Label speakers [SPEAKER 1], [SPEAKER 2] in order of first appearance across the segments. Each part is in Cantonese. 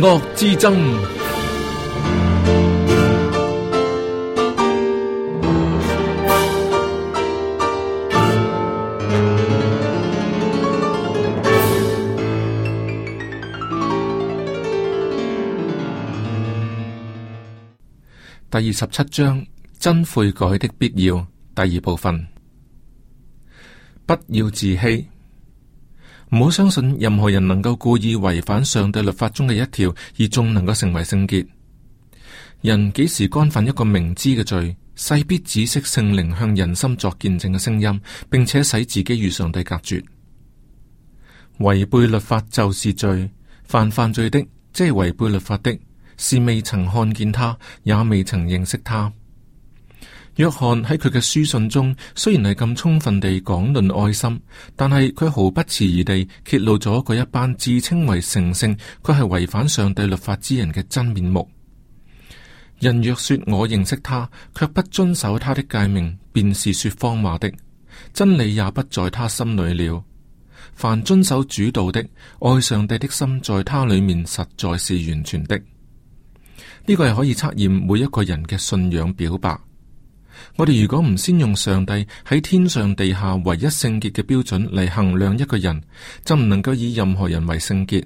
[SPEAKER 1] 惡之爭，第二十七章，真悔改的必要，第二部分，不要自欺。唔好相信任何人能夠故意違反上帝律法中嘅一條，而仲能夠成為聖潔。人幾時干犯一個明知嘅罪，勢必止息聖靈向人心作見證嘅聲音，並且使自己與上帝隔絕。違背律法就是罪，犯犯罪的，即係違背律法的，是未曾看見他，也未曾認識他。約翰喺佢嘅書信中，雖然係咁充分地講論愛心，但係佢毫不遲疑地揭露咗佢一班自稱為成聖，佢係違反上帝律法之人嘅真面目。人若說我認識他，卻不遵守他的誡命，便是說謊話的。真理也不在他心裏了。凡遵守主道的，愛上帝的心在他裏面，實在是完全的。呢個係可以測驗每一個人嘅信仰表白。我哋如果唔先用上帝喺天上地下唯一聖潔嘅標準嚟衡量一個人，就唔能夠以任何人為聖潔。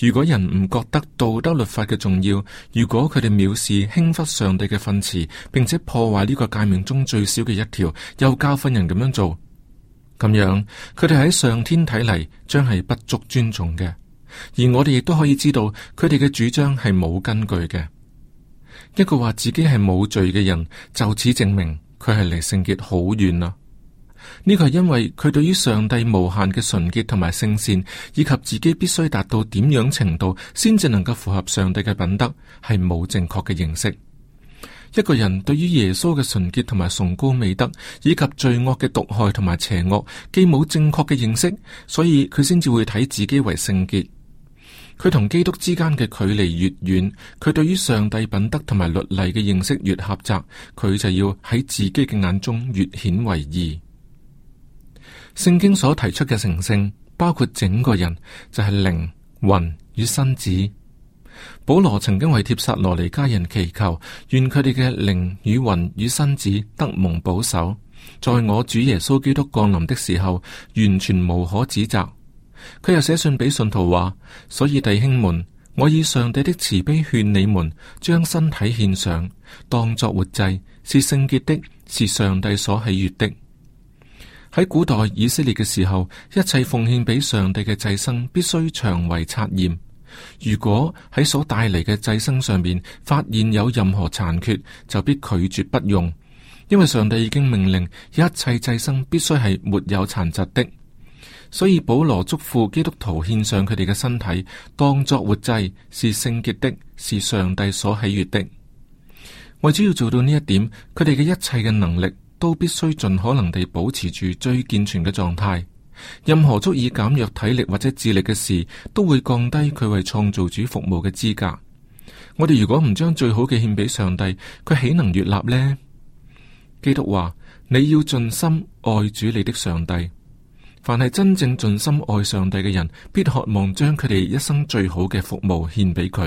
[SPEAKER 1] 如果人唔覺得道德律法嘅重要，如果佢哋藐視輕忽上帝嘅訓詞，並且破壞呢個誡命中最少嘅一條，又教訓人咁樣做，咁樣佢哋喺上天睇嚟將係不足尊重嘅。而我哋亦都可以知道佢哋嘅主張係冇根據嘅。一個話自己係冇罪嘅人，就此證明佢係離聖潔好遠啦。呢個係因為佢對於上帝無限嘅純潔同埋聖善，以及自己必須達到點樣程度先至能夠符合上帝嘅品德，係冇正確嘅認識。一個人對於耶穌嘅純潔同埋崇高美德，以及罪惡嘅毒害同埋邪惡，既冇正確嘅認識，所以佢先至會睇自己為聖潔。佢同基督之間嘅距離越遠，佢對於上帝品德同埋律例嘅認識越狹窄，佢就要喺自己嘅眼中越顯為義。聖經所提出嘅成聖包括整個人，就係、是、靈、魂與身子。保羅曾經為帖撒羅尼迦人祈求，願佢哋嘅靈與魂與身子得蒙保守，在我主耶穌基督降臨的時候，完全無可指責。佢又寫信俾信徒話：所以弟兄們，我以上帝的慈悲勸你們，將身體獻上，當作活祭，是聖潔的，是上帝所喜悅的。喺古代以色列嘅時候，一切奉獻俾上帝嘅祭牲必須長為察驗。如果喺所帶嚟嘅祭牲上面發現有任何殘缺，就必拒絕不用，因為上帝已經命令一切祭牲必須係沒有殘疾的。所以保羅囑咐基督徒獻上佢哋嘅身體，當作活祭，是聖潔的，是上帝所喜悅的。我只要做到呢一點，佢哋嘅一切嘅能力都必須盡可能地保持住最健全嘅狀態。任何足以減弱體力或者智力嘅事，都會降低佢為創造主服務嘅資格。我哋如果唔將最好嘅獻俾上帝，佢豈能悅納呢？基督話：你要盡心愛主你的上帝。凡係真正盡心愛上帝嘅人，必渴望將佢哋一生最好嘅服務獻俾佢。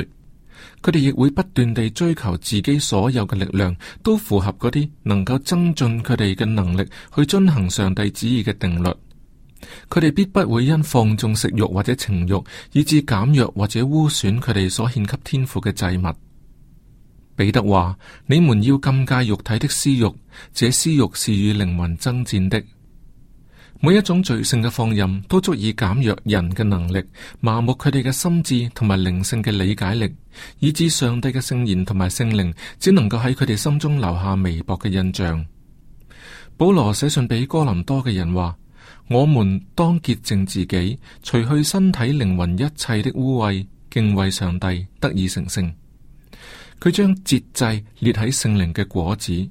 [SPEAKER 1] 佢哋亦會不斷地追求自己所有嘅力量，都符合嗰啲能夠增進佢哋嘅能力去遵行上帝旨意嘅定律。佢哋必不會因放縱食慾或者情慾，以致減弱或者污損佢哋所獻給天父嘅祭物。彼得話：你們要禁戒肉體的私慾，這私慾是與靈魂爭戰的。每一種罪性嘅放任，都足以減弱人嘅能力，麻木佢哋嘅心智同埋靈性嘅理解力，以致上帝嘅聖言同埋聖靈只能夠喺佢哋心中留下微薄嘅印象。保羅寫信俾哥林多嘅人話：我們當潔淨自己，除去身體靈魂一切的污穢，敬畏上帝，得以成聖。佢將節制列喺聖靈嘅果子。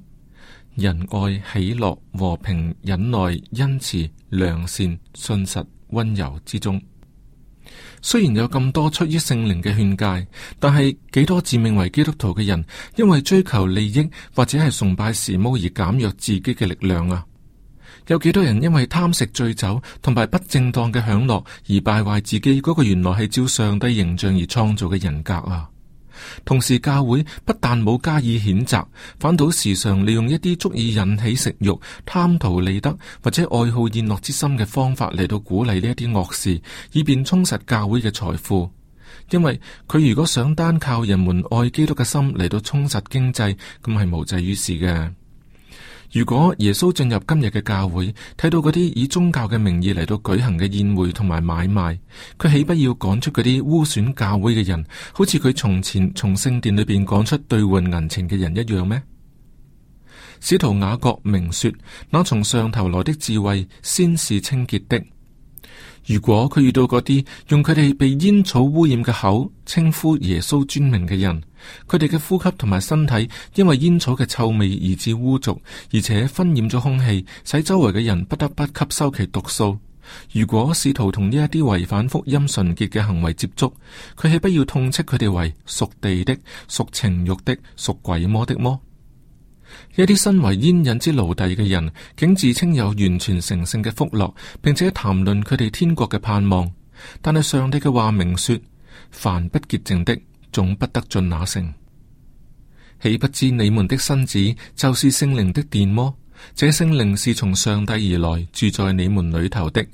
[SPEAKER 1] 仁愛、喜樂、和平、忍耐、恩慈、良善、信實、温柔之中，雖然有咁多出於聖靈嘅勸誡，但係幾多自命為基督徒嘅人，因為追求利益或者係崇拜時髦而減弱自己嘅力量啊！有幾多人因為貪食醉酒同埋不正當嘅享樂而敗壞自己嗰個原來係照上帝形象而創造嘅人格啊？同時，教會不但冇加以譴責，反倒時常利用一啲足以引起食慾、貪圖利得或者愛好宴樂之心嘅方法嚟到鼓勵呢一啲惡事，以便充實教會嘅財富。因為佢如果想單靠人們愛基督嘅心嚟到充實經濟，咁係無濟於事嘅。如果耶穌進入今日嘅教會，睇到嗰啲以宗教嘅名義嚟到舉行嘅宴會同埋買賣，佢豈不要趕出嗰啲污損教會嘅人，好似佢從前從聖殿裏邊趕出兌換銀錢嘅人一樣咩？使徒雅各明說：那從上頭來的智慧，先是清潔的。如果佢遇到嗰啲用佢哋被煙草污染嘅口稱呼耶穌尊名嘅人，佢哋嘅呼吸同埋身體因為煙草嘅臭味而致污濁，而且燻染咗空氣，使周圍嘅人不得不吸收其毒素。如果試圖同呢一啲違反福音純潔嘅行為接觸，佢豈不要痛斥佢哋為屬地的、屬情欲的、屬鬼魔的麼？一啲身為煙癮之奴隸嘅人，竟自稱有完全成聖嘅福樂，並且談論佢哋天國嘅盼望。但係上帝嘅話明說，凡不潔淨的，總不得進那城。豈不知你們的身子就是聖靈的殿麼？這聖靈是從上帝而來，住在你們裏頭的，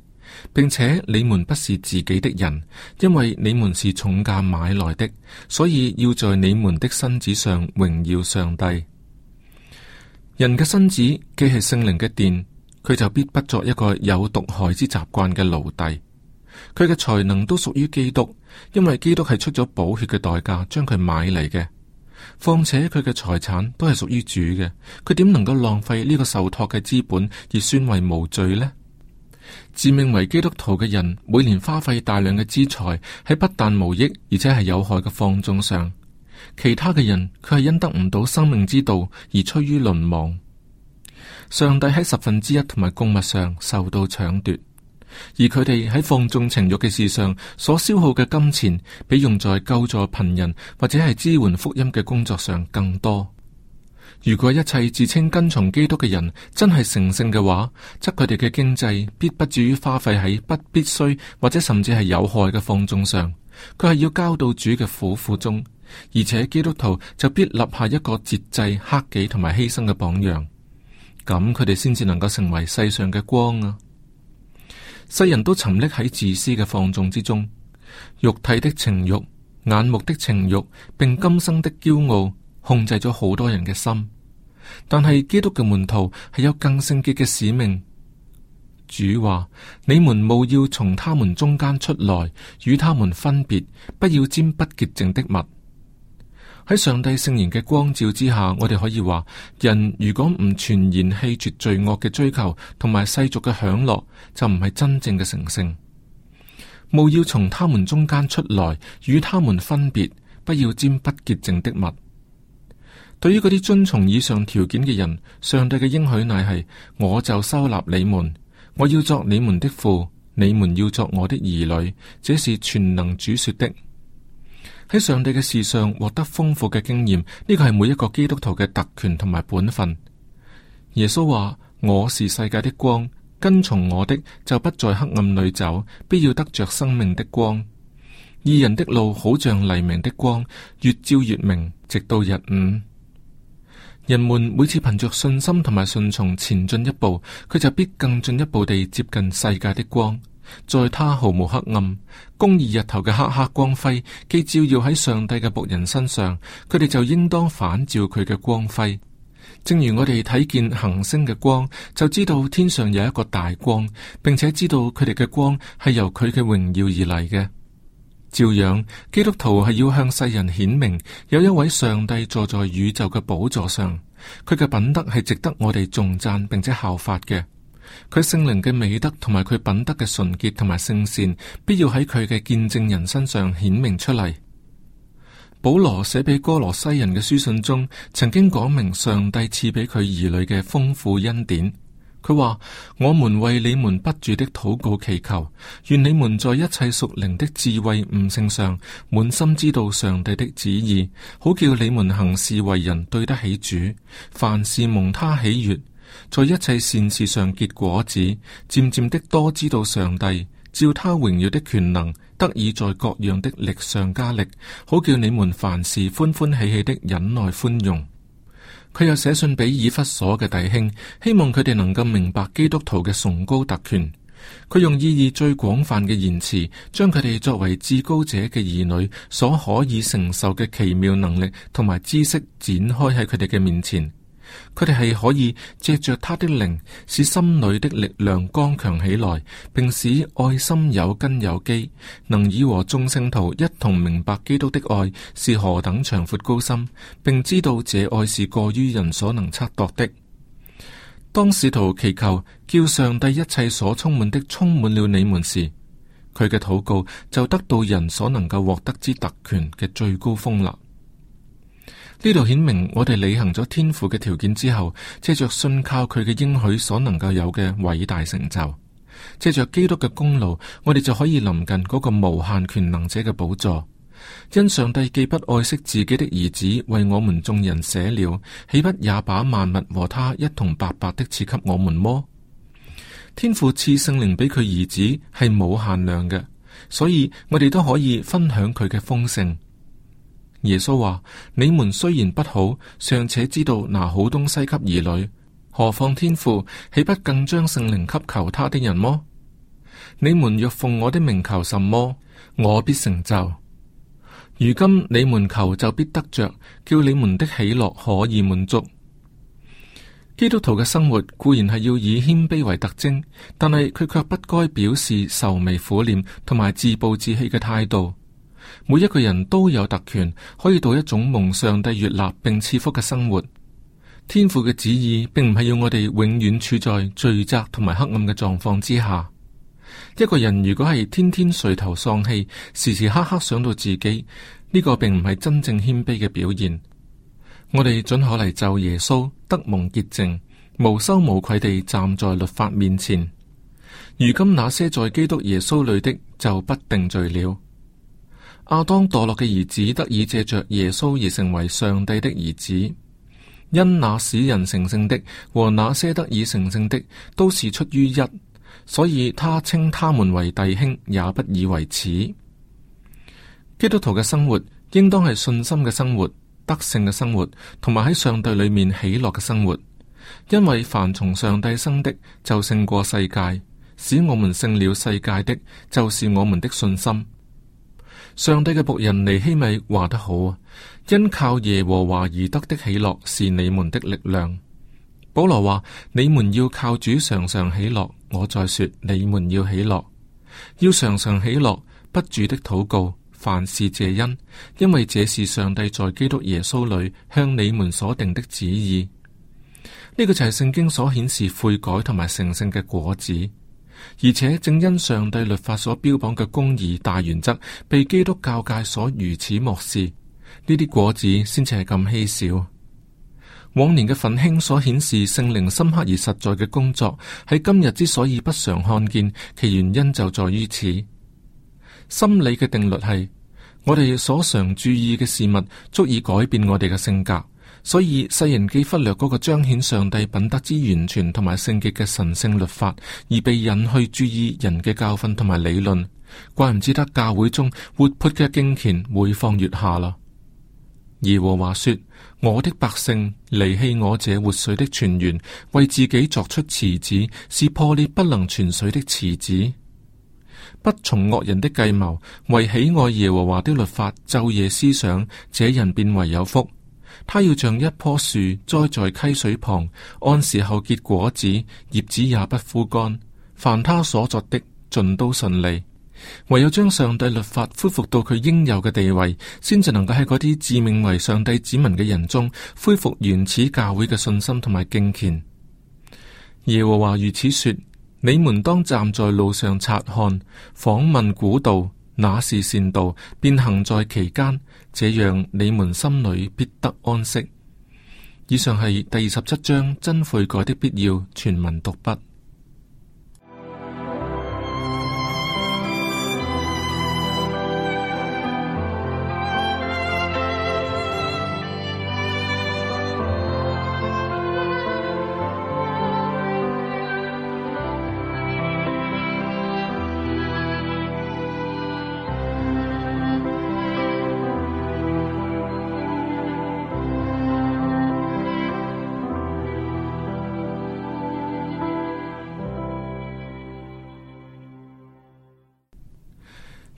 [SPEAKER 1] 並且你們不是自己的人，因為你們是重價買來的，所以要在你們的身子上榮耀上帝。人嘅身子既係聖靈嘅殿，佢就必不作一個有毒害之習慣嘅奴隸。佢嘅才能都屬於基督，因為基督係出咗寶血嘅代價，將佢買嚟嘅。況且佢嘅財產都係屬於主嘅，佢點能夠浪費呢個受託嘅資本而宣為無罪呢？自命為基督徒嘅人，每年花費大量嘅資財喺不但無益，而且係有害嘅放縱上。其他嘅人，佢係因得唔到生命之道而趨於淪亡，上帝喺十分之一同埋供物上受到搶奪，而佢哋喺放縱情欲嘅事上所消耗嘅金錢，比用在救助貧人或者係支援福音嘅工作上更多。如果一切自稱跟從基督嘅人真係成聖嘅話，則佢哋嘅經濟必不至於花費喺不必須或者甚至係有害嘅放縱上，佢係要交到主嘅苦苦中。而且基督徒就必立下一個節制、克己同埋犧牲嘅榜樣，咁佢哋先至能夠成為世上嘅光啊！世人都沉溺喺自私嘅放縱之中，肉體的情欲、眼目的情欲，並今生的驕傲，控制咗好多人嘅心。但係基督嘅門徒係有更聖潔嘅使命。主話：你們務要從他們中間出來，與他們分別，不要沾不潔淨的物。喺上帝聖言嘅光照之下，我哋可以話人如果唔全然棄絕罪惡嘅追求，同埋世俗嘅享樂，就唔係真正嘅成聖。務要從他們中間出來，與他們分別，不要沾不潔淨的物。對於嗰啲遵從以上條件嘅人，上帝嘅應許乃係我就收納你們，我要作你們的父，你們要作我的兒女。這是全能主說的。喺上帝嘅事上獲得豐富嘅經驗，呢個係每一個基督徒嘅特權同埋本分。耶穌話：我是世界的光，跟從我的就不在黑暗裏走，必要得着生命的光。二人的路好像黎明的光，越照越明，直到日午。人們每次憑着信心同埋順從前進一步，佢就必更進一步地接近世界的光。在他毫無黑暗、公義日頭嘅赫赫光輝，既照耀喺上帝嘅僕人身上，佢哋就應當反照佢嘅光輝。正如我哋睇見行星嘅光，就知道天上有一個大光，並且知道佢哋嘅光係由佢嘅榮耀而嚟嘅。照樣，基督徒係要向世人顯明，有一位上帝坐在宇宙嘅寶座上，佢嘅品德係值得我哋重贊並且效法嘅。佢聖靈嘅美德同埋佢品德嘅純潔同埋聖善，必要喺佢嘅見證人身上顯明出嚟。保羅寫俾哥羅西人嘅書信中，曾經講明上帝賜俾佢兒女嘅豐富恩典。佢話：我們為你們不住的禱告祈求，願你們在一切屬靈的智慧悟性上，滿心知道上帝的旨意，好叫你們行事為人對得起主，凡事蒙他喜悦。在一切善事上結果子，漸漸的多知道上帝，照他榮耀的權能，得以在各樣的力上加力，好叫你們凡事歡歡喜喜的忍耐寬容。佢又寫信俾以弗所嘅弟兄，希望佢哋能夠明白基督徒嘅崇高特權。佢用意義最廣泛嘅言辭，將佢哋作為至高者嘅兒女所可以承受嘅奇妙能力同埋知識展開喺佢哋嘅面前。佢哋係可以借着他的靈，使心裡的力量剛強起來，並使愛心有根有基，能以和眾聖徒一同明白基督的愛是何等長闊高深，並知道這愛是過於人所能測度的。當使徒祈求，叫上帝一切所充滿的充滿了你們時，佢嘅禱告就得到人所能夠獲得之特權嘅最高峰立。呢度顯明，我哋履行咗天父嘅條件之後，借着信靠佢嘅應許所能夠有嘅偉大成就，借着基督嘅功勞，我哋就可以臨近嗰個無限權能者嘅寶座。因上帝既不愛惜自己的兒子，為我們眾人捨了，豈不也把萬物和他一同白白的賜給我們麼？天父賜聖靈俾佢兒子係無限量嘅，所以我哋都可以分享佢嘅豐盛。耶穌話：你們雖然不好，尚且知道拿好東西給兒女，何況天父？豈不更將聖靈給求他的人麼？你們若奉我的名求什麼，我必成就。如今你們求就必得着，叫你們的喜樂可以滿足。基督徒嘅生活固然係要以謙卑為特徵，但係佢卻不該表示愁眉苦臉，同埋自暴自棄嘅態度。每一個人都有特權，可以到一種蒙上帝悦納並賜福嘅生活。天父嘅旨意並唔係要我哋永遠處在罪責同埋黑暗嘅狀況之下。一個人如果係天天垂頭喪氣，時時刻刻想到自己，呢、這個並唔係真正謙卑嘅表現。我哋准可嚟就耶穌得蒙潔淨，無羞無愧地站在律法面前。如今那些在基督耶穌裏的，就不定罪了。阿當墮落嘅兒子得以借着耶穌而成為上帝的兒子，因那使人成聖的和那些得以成聖的都是出於一，所以他稱他們為弟兄，也不以為恥。基督徒嘅生活應當係信心嘅生活、德性嘅生活，同埋喺上帝裏面喜樂嘅生活，因為凡從上帝生的就勝過世界，使我們勝了世界的，就是我們的信心。上帝嘅僕人尼希米話得好啊，因靠耶和華而得的喜樂是你們的力量。保羅話：你們要靠主常常喜樂。我再說，你們要喜樂，要常常喜樂，不住的禱告，凡事謝恩，因為這是上帝在基督耶穌裏向你們所定的旨意。呢、這個就係聖經所顯示悔改同埋成聖嘅果子。而且正因上帝律法所標榜嘅公義大原則被基督教界所如此漠視，呢啲果子先至係咁稀少。往年嘅奮興所顯示聖靈深刻而實在嘅工作，喺今日之所以不常看見，其原因就在於此。心理嘅定律係我哋所常注意嘅事物足以改變我哋嘅性格。所以世人既忽略嗰個彰顯上帝品德之完全同埋聖潔嘅神聖律法，而被引去注意人嘅教訓同埋理論，怪唔知得教會中活潑嘅敬虔每況愈下啦。耶和華說：我的百姓離棄我這活水的泉源，為自己鑿出池子，是破裂不能存水的池子。不從惡人的計謀，為喜愛耶和華的律法晝夜思想，這人便為有福。他要像一棵樹栽在溪水旁，按時候結果子，葉子也不枯乾。凡他所作的，盡都順利。唯有將上帝律法恢復到佢應有嘅地位，先至能夠喺嗰啲自命為上帝子民嘅人中，恢復原始教會嘅信心同埋敬虔。耶和華如此說：你們當站在路上察看，訪問古道，哪是善道，便行在其間。這樣，你們心裏必得安息。以上係第二十七章真悔改的必要全文讀畢。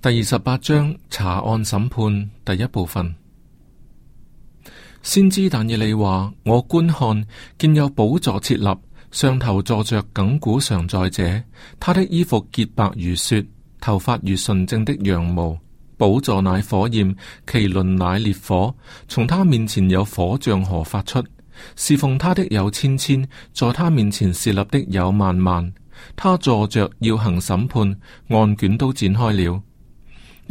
[SPEAKER 1] 第二十八章查案審判第一部分。先知但以理話：我觀看見有寶座設立，上頭坐着亙古常在者，他的衣服潔白如雪，頭髮如純正的羊毛。寶座乃火焰，其輪乃烈火，從他面前有火像河發出。侍奉他的有千千，在他面前設立的有萬萬。他坐着要行審判，案卷都展開了。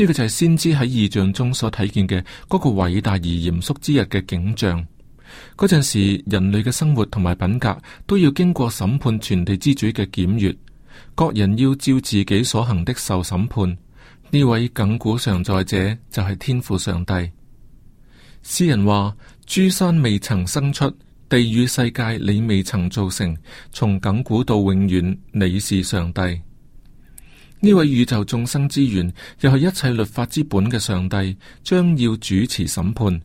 [SPEAKER 1] 呢個就係先知喺異象中所睇見嘅嗰個偉大而嚴肅之日嘅景象。嗰陣時，人類嘅生活同埋品格都要經過審判全地之主嘅檢閱，各人要照自己所行的受審判。呢位亘古常在者就係天父上帝。詩人話：諸山未曾生出，地與世界你未曾造成，從亘古到永遠，你是上帝。呢位宇宙眾生之源，又係一切律法之本嘅上帝，將要主持審判。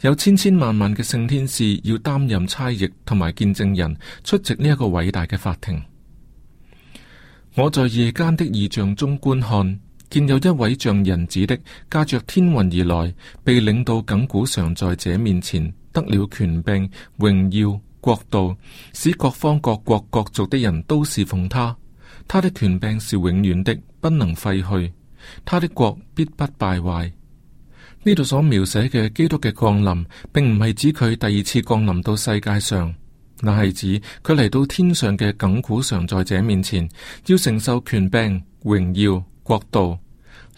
[SPEAKER 1] 有千千萬萬嘅聖天使要擔任差役同埋見證人出席呢一個偉大嘅法庭。我在夜間的異象中觀看，見有一位像人子的駕着天雲而來，被領到亙古常在者面前，得了權柄、榮耀、國度，使各方各國，各國各族的人都侍奉他。他的權柄是永遠的，不能廢去。他的國必不敗壞。呢度所描寫嘅基督嘅降臨，並唔係指佢第二次降臨到世界上，那係指佢嚟到天上嘅梗古常在者面前，要承受權柄、榮耀、國度，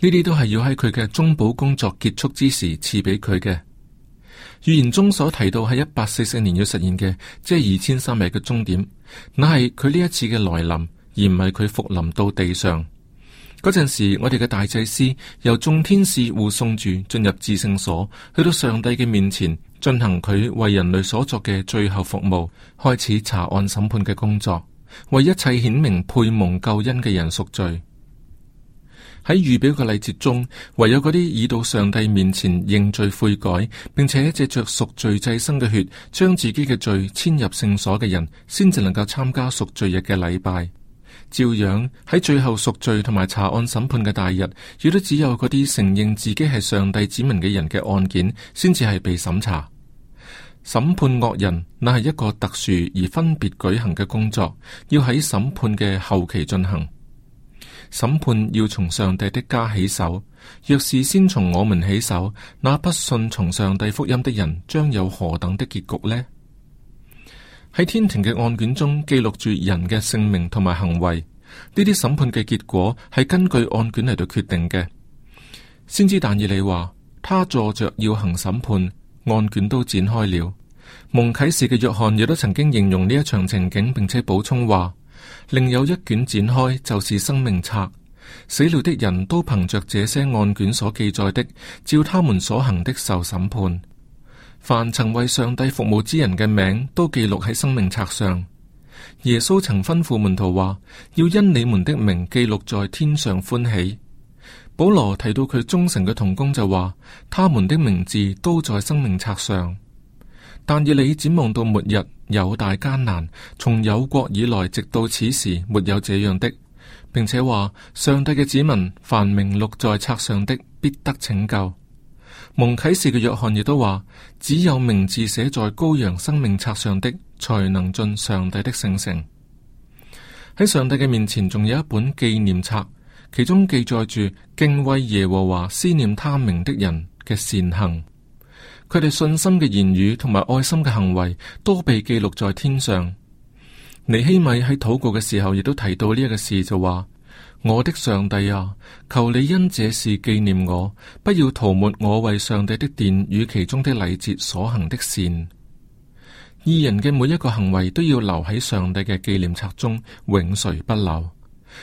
[SPEAKER 1] 呢啲都係要喺佢嘅中保工作結束之時賜俾佢嘅。預言中所提到係一八四四年要實現嘅，即係二千三百日嘅終點，那係佢呢一次嘅來臨，而唔係佢復臨到地上嗰陣時，我哋嘅大祭司由眾天使護送住進入至聖所，去到上帝嘅面前進行佢為人類所作嘅最後服務，開始查案審判嘅工作，為一切顯明配蒙救恩嘅人贖罪。喺預表嘅禮節中，唯有嗰啲已到上帝面前認罪悔改，並且藉着贖罪祭牲嘅血將自己嘅罪遷入聖所嘅人，先至能夠參加贖罪日嘅禮拜。照樣喺最後贖罪同埋查案審判嘅大日，亦都只有嗰啲承認自己係上帝子民嘅人嘅案件，先至係被審查。審判惡人，那係一個特殊而分別舉行嘅工作，要喺審判嘅後期進行。審判要從上帝的家起手，若是先從我們起手，那不信從上帝福音的人將有何等的結局呢？喺天庭嘅案卷中記錄住人嘅姓名同埋行為，呢啲審判嘅結果係根據案卷嚟到決定嘅。先知但以理話：，他坐着要行審判，案卷都展開了。蒙啟示嘅約翰亦都曾經形容呢一場情景，並且補充話：，另有一卷展開，就是生命冊，死了的人都憑着這些案卷所記載的，照他們所行的受審判。凡曾為上帝服務之人嘅，名都記錄喺生命冊上。耶穌曾吩咐門徒話，要因你們的名記錄在天上歡喜。保羅提到佢忠誠嘅同工就話，他們的名字都在生命冊上。但以理展望到末日有大艱難，從有國以來直到此時沒有這樣的，並且話上帝嘅子民，凡名錄在冊上的，必得拯救。蒙啟示嘅約翰亦都話：只有名字寫在羔羊生命冊上的，才能進上帝的聖城。喺上帝嘅面前，仲有一本紀念冊，其中記載住敬畏耶和華、思念他名的人嘅善行。佢哋信心嘅言語同埋愛心嘅行為，都被記錄在天上。尼希米喺禱告嘅時候，亦都提到呢一個事就，就話。我的上帝啊，求你因這事紀念我，不要塗抹我為上帝的殿與其中的禮節所行的善。二人嘅每一個行為都要留喺上帝嘅紀念冊中，永垂不朽。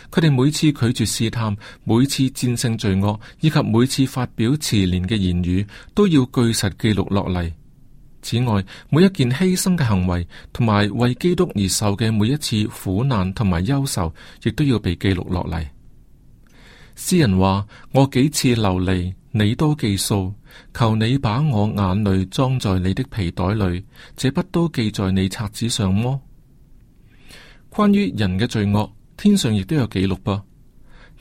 [SPEAKER 1] 佢哋每次拒絕試探，每次戰勝罪惡，以及每次發表慈憐嘅言語，都要據實記錄落嚟。此外，每一件犧牲嘅行為，同埋為基督而受嘅每一次苦難，同埋憂愁，亦都要被記錄落嚟。詩人話：我幾次流離，你都記數，求你把我眼淚裝在你的皮袋裏，這不都記在你冊子上麼、哦？關於人嘅罪惡，天上亦都有記錄噃，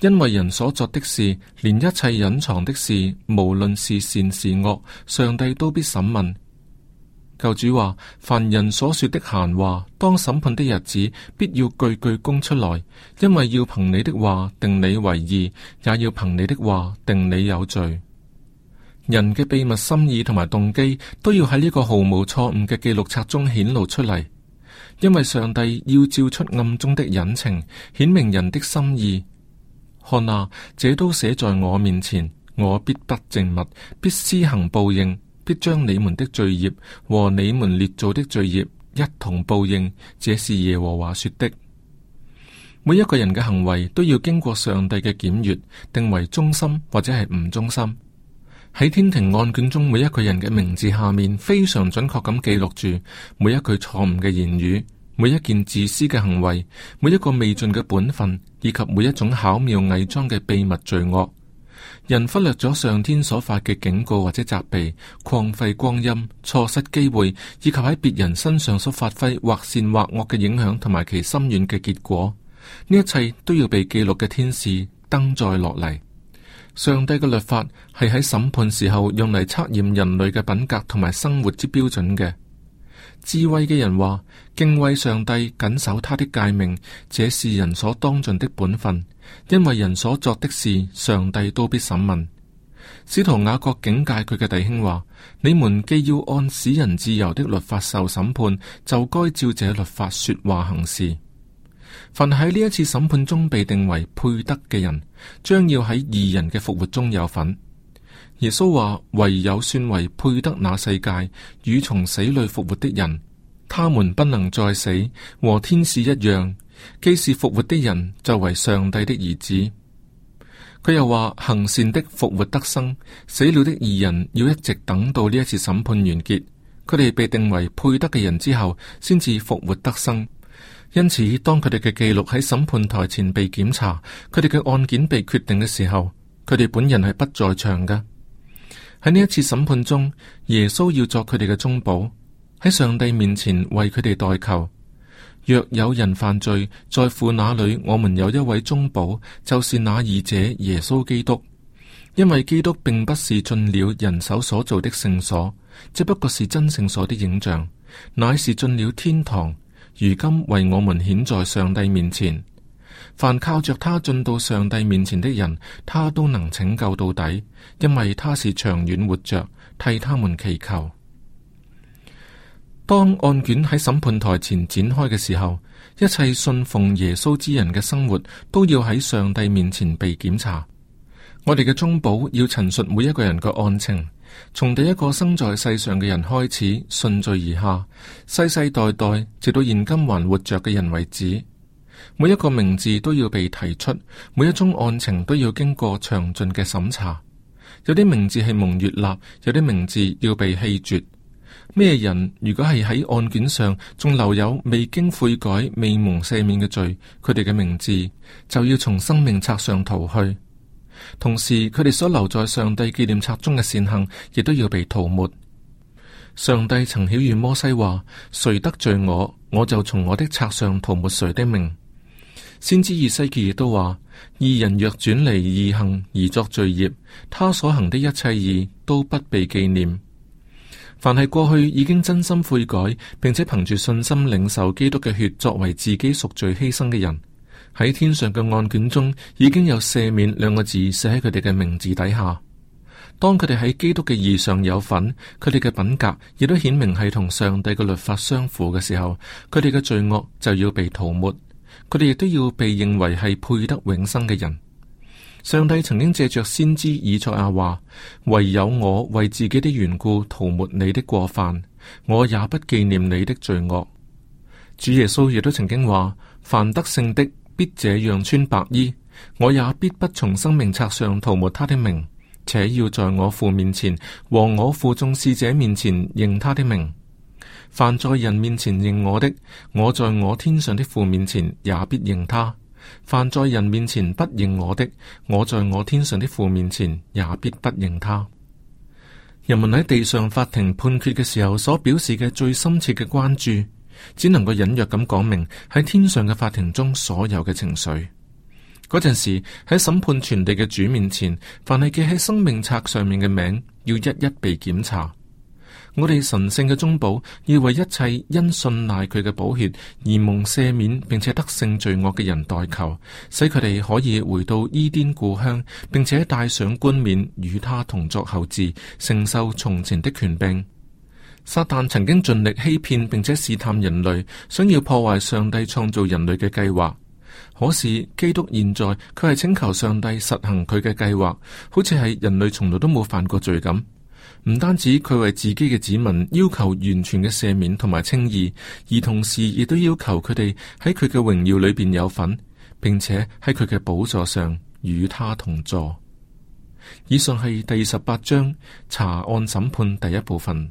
[SPEAKER 1] 因為人所作的事，連一切隱藏的事，無論是善是惡，上帝都必審問。救主話：凡人所說的閒話，當審判的日子，必要句句供出來，因為要憑你的話定你為義，也要憑你的話定你有罪。人嘅秘密心意同埋動機，都要喺呢個毫無錯誤嘅記錄冊中顯露出嚟，因為上帝要照出暗中的隱情，顯明人的心意。看啊，這都寫在我面前，我必得靜默，必施行報應。必將你們的罪孽和你們列祖的罪孽一同報應，這是耶和華說的。每一個人嘅行為都要經過上帝嘅檢閱，定為忠心或者係唔忠心。喺天庭案卷中，每一個人嘅名字下面，非常準確咁記錄住每一句錯誤嘅言語、每一件自私嘅行為、每一個未盡嘅本分，以及每一種巧妙偽裝嘅秘密罪惡。人忽略咗上天所發嘅警告或者責備，曠廢光陰、錯失機會，以及喺別人身上所發揮或善或惡嘅影響同埋其深遠嘅結果，呢一切都要被記錄嘅天使登載落嚟。上帝嘅律法係喺審判時候用嚟測驗人類嘅品格同埋生活之標準嘅。智慧嘅人話：敬畏上帝，謹守他的誡命，這是人所當盡的本分。因為人所作的事，上帝都必審問。使徒雅各警戒佢嘅弟兄話：你們既要按使人自由的律法受審判，就該照這律法說話行事。凡喺呢一次審判中被定為配得嘅人，將要喺義人嘅復活中有份。耶穌話：唯有算為配得那世界與從死裏復活的人，他們不能再死，和天使一樣。既是復活的人，就為上帝的兒子。佢又話：行善的復活得生，死了的義人要一直等到呢一次審判完結。佢哋被定為配得嘅人之後，先至復活得生。因此，當佢哋嘅記錄喺審判台前被檢查，佢哋嘅案件被決定嘅時候，佢哋本人係不在場㗎。喺呢一次審判中，耶穌要作佢哋嘅中保喺上帝面前為佢哋代求。若有人犯罪，在父那裏，我們有一位中保，就是那義者耶穌基督。因為基督並不是進了人手所造的聖所，只不過是真聖所的影像，乃是進了天堂，如今為我們顯在上帝面前。凡靠着他進到上帝面前的人，他都能拯救到底，因為他是長遠活着，替他們祈求。當案卷喺審判台前展開嘅時候，一切信奉耶穌之人嘅生活都要喺上帝面前被檢查。我哋嘅中保要陳述每一個人嘅案情，從第一個生在世上嘅人開始，順序而下，世世代代，直到現今還活着嘅人為止。每一個名字都要被提出，每一宗案情都要經過詳盡嘅審查。有啲名字係蒙越立，有啲名字要被棄絕。咩人如果係喺案卷上仲留有未經悔改、未蒙赦免嘅罪，佢哋嘅名字就要從生命冊上逃去。同時，佢哋所留在上帝紀念冊中嘅善行，亦都要被塗抹。上帝曾曉諭摩西話：誰得罪我，我就從我的冊上塗抹誰的名。先知以西結亦都話：義人若轉離義行而作罪孽，他所行的一切義都不被紀念。凡係過去已經真心悔改，並且憑住信心領受基督嘅血作為自己贖罪犧牲嘅人，喺天上嘅案卷中已經有赦免兩個字寫喺佢哋嘅名字底下。當佢哋喺基督嘅義上有份，佢哋嘅品格亦都顯明係同上帝嘅律法相符嘅時候，佢哋嘅罪惡就要被塗抹。佢哋亦都要被認為係配得永生嘅人。上帝曾經借着先知以賽亞話：唯有我為自己的緣故塗抹你的過犯，我也不紀念你的罪惡。主耶穌亦都曾經話：凡得勝的必這樣穿白衣，我也必不從生命冊上塗抹他的名，且要在我父面前和我父眾使者面前認他的名。凡在人面前認我的，我在我天上的父面前也必認他；凡在人面前不認我的，我在我天上的父面前也必不認他。人們喺地上法庭判決嘅時候所表示嘅最深切嘅關注，只能夠隱約咁講明喺天上嘅法庭中所有嘅情緒。嗰陣時喺審判全地嘅主面前，凡係記喺生命冊上面嘅名，要一一被檢查。我哋神聖嘅中保，要為一切因信賴佢嘅寶血而蒙赦免，並且得勝罪惡嘅人代求，使佢哋可以回到伊甸故鄉，並且戴上冠冕與他同作後嗣，承受從前的權柄。撒旦曾經盡力欺騙並且試探人類，想要破壞上帝創造人類嘅計劃。可是基督現在佢係請求上帝實行佢嘅計劃，好似係人類從來都冇犯過罪咁。唔單止佢為自己嘅子民要求完全嘅赦免同埋稱義，而同時亦都要求佢哋喺佢嘅榮耀裏邊有份，並且喺佢嘅寶座上與他同坐。以上係第十八章查案審判第一部分。